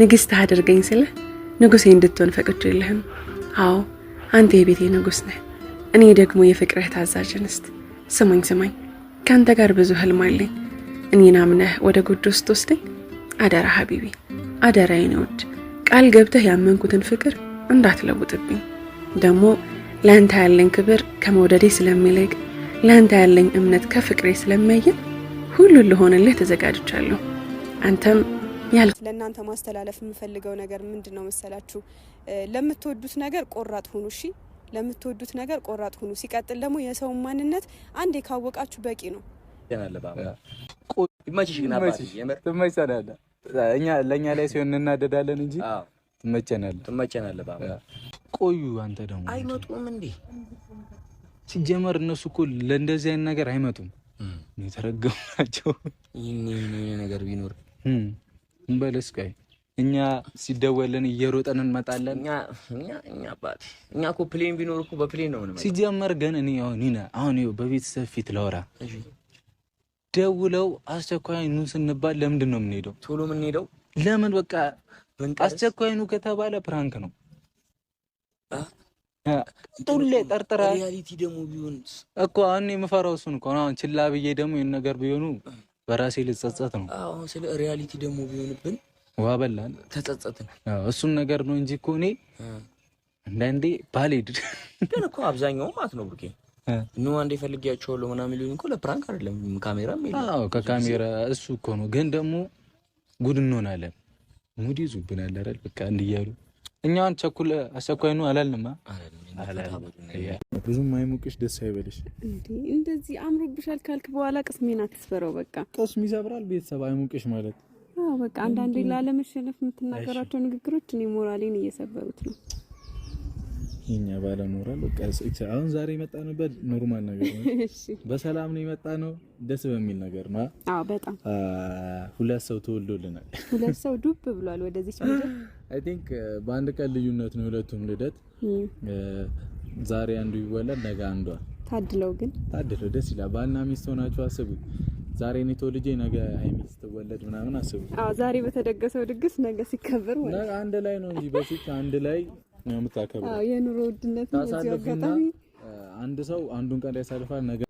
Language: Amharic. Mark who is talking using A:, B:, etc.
A: ንግስት አድርገኝ ስለ ንጉሴ እንድትሆን ፈቅጄልህም። አዎ አንተ የቤቴ ንጉስ ነህ፣ እኔ ደግሞ የፍቅርህ ታዛዥ ንስት ስማኝ ስማኝ፣ ከአንተ ጋር ብዙ ህልም አለኝ። እኔን አምነህ ወደ ጎጆ ውስጥ ወስደኝ። አደራ ሀቢቢ፣ አደራ ይኔዎች ቃል ገብተህ ያመንኩትን ፍቅር እንዳትለውጥብኝ። ደግሞ ለአንተ ያለኝ ክብር ከመውደዴ ስለሚልቅ ለአንተ ያለኝ እምነት ከፍቅሬ ስለሚያየን ሁሉን ልሆንልህ ተዘጋጅቻለሁ። አንተም
B: ለእናንተ ማስተላለፍ የምፈልገው ነገር ምንድን ነው መሰላችሁ? ለምትወዱት ነገር ቆራጥ ሁኑ። እሺ፣ ለምትወዱት ነገር ቆራጥ ሁኑ። ሲቀጥል ደግሞ የሰውን ማንነት አንዴ ካወቃችሁ በቂ ነው።
C: እኛ ለእኛ ላይ ሲሆን እናደዳለን እንጂ ትመቸናለህ፣ ትመቸናለህ። ቆዩ። አንተ ደግሞ
D: አይመጡም እንዴ?
C: ሲጀመር እነሱ እኮ ለእንደዚህ አይነት ነገር አይመጡም። የተረገሙ ናቸው። ነገር ቢኖር እንበለስ ቀይ እኛ ሲደወልን እየሮጠን እንመጣለን።
E: እኛ እኛ እኛ አባቴ እኛ እኮ ፕሌን ቢኖር እኮ በፕሌን ነው የምንመጣው።
C: ሲጀመር ግን እኔ አሁን ይና አሁን ይኸው በቤተሰብ ፊት ላወራ ደውለው አስቸኳይ ኑ ስንባል ለምንድን ነው የምንሄደው? ቶሎ የምንሄደው ለምን? በቃ አስቸኳይ ኑ ከተባለ ፕራንክ ነው። ሁሌ ጠርጥራ
E: ሪያሊቲ ደግሞ ቢሆን
C: እኮ አሁን የምፈራው እሱን እኮ አሁን ችላ ብዬ ደግሞ ይሄን ነገር ቢሆኑ በራሴ ልጸጸት ነው።
E: አዎ ስለ ሪያሊቲ ደግሞ ቢሆንብን
C: ዋ በላን ተጸጸትን። እሱን ነገር ነው እንጂ እኮ እኔ አንዳንዴ ባልሄድ
E: ግን እኮ አብዛኛው ማለት ነው ብሩኬ ኑ አንዴ ፈልጊያቸዋለሁ ምናምን ሊሆን እኮ ለፕራንክ አይደለም ካሜራ
C: ከካሜራ እሱ እኮ ነው። ግን ደግሞ ጉድ እንሆናለን፣ ሙድ ይዙብናል አይደል? በቃ እንዲያሉ እኛውን አስቸኳይ ነው አላልንማ
F: ብዙም አይሞቅሽ፣ ደስ አይበልሽ።
B: እንደዚህ አምሮብሻል ካልክ በኋላ ቅስሜን አትስበረው። በቃ
F: ቅስም ይሰብራል። ቤተሰብ አይሞቅሽ ማለት
B: በቃ አንዳንዴ ላለመሸነፍ የምትናገራቸው ንግግሮች እኔ ሞራሌን እየሰበሩት ነው።
C: የኛ ባለሞራል በቃ አሁን ዛሬ የመጣንበት ኖርማል ነገር ነው። በሰላም ነው የመጣ ነው፣ ደስ በሚል ነገር ነው። አዎ በጣም ሁለት ሰው ተወልዶልናል።
B: ሁለት ሰው ዱብ ብሏል ወደዚህ ምድር።
C: አይ ቲንክ በአንድ ቀን ልዩነት ነው ሁለቱም ልደት። ዛሬ አንዱ ይወለድ፣ ነገ አንዷ። ታድለው ግን ታድለው ደስ ይላል። ባልና ሚስት ሆናችሁ አስቡት። ዛሬ እኔ ተወልጄ ነገ ሀይሚ ስትወለድ ምናምን አስቡ።
B: አዎ ዛሬ በተደገሰው ድግስ ነገ ሲከበር
C: አንድ ላይ ነው እንጂ በፊት አንድ ላይ ነው የምታከብረው።
B: የኑሮ ውድነት
C: ነው። አንድ ሰው አንዱን ቀን ያሳልፋል ነገ